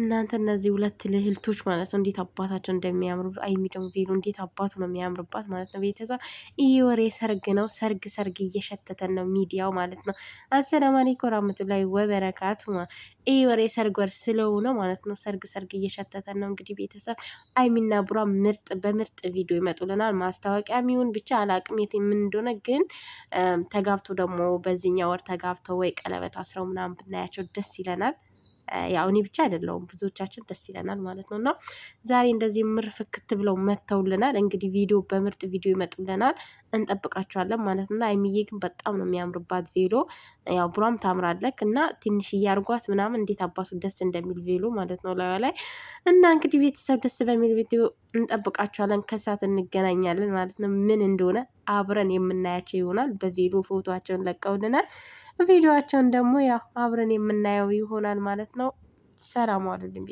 እናንተ እነዚህ ሁለት ልህልቶች ማለት ነው እንዴት አባታቸው እንደሚያምሩ ሀይሚ ደግሞ ቬሎ እንዴት አባቱ ነው የሚያምርባት ማለት ነው። ቤተሰብ ይህ ወሬ ሰርግ ነው። ሰርግ ሰርግ እየሸተተን ነው ሚዲያው ማለት ነው። አሰላም አለይኩም ወራህመቱላሂ ወበረካቱ። ይህ ወሬ ሰርግ ወር ስለሆነ ማለት ነው። ሰርግ ሰርግ እየሸተተን ነው። እንግዲህ ቤተሰብ አይሚና ብሯ ምርጥ በምርጥ ቪዲዮ ይመጡልናል። ማስታወቂያ ሚሆን ብቻ አላቅም የት ምን እንደሆነ ግን ተጋብቶ ደግሞ በዚህኛ ወር ተጋብተው ወይ ቀለበት አስረው ምናምን ብናያቸው ደስ ይለናል። ያው እኔ ብቻ አይደለውም ብዙዎቻችን ደስ ይለናል ማለት ነው። እና ዛሬ እንደዚህ ምር ፍክት ብለው መተውልናል እንግዲህ ቪዲዮ በምርጥ ቪዲዮ ይመጡልናል እንጠብቃቸዋለን ማለት ነው። አይሚዬ ግን በጣም ነው የሚያምርባት ቬሎ። ያው ብሯም ታምራለክ እና ትንሽ እያርጓት ምናምን እንዴት አባቱ ደስ እንደሚል ቬሎ ማለት ነው ላዩ ላይ እና እንግዲህ ቤተሰብ ደስ በሚል ቪዲዮ እንጠብቃቸዋለን ከሰዓት እንገናኛለን ማለት ነው። ምን እንደሆነ አብረን የምናያቸው ይሆናል። በቪዲዮ ፎቶቸውን ለቀውልናል። ቪዲዮቸውን ደግሞ ያው አብረን የምናየው ይሆናል ማለት ነው። ሰላም አሉልን።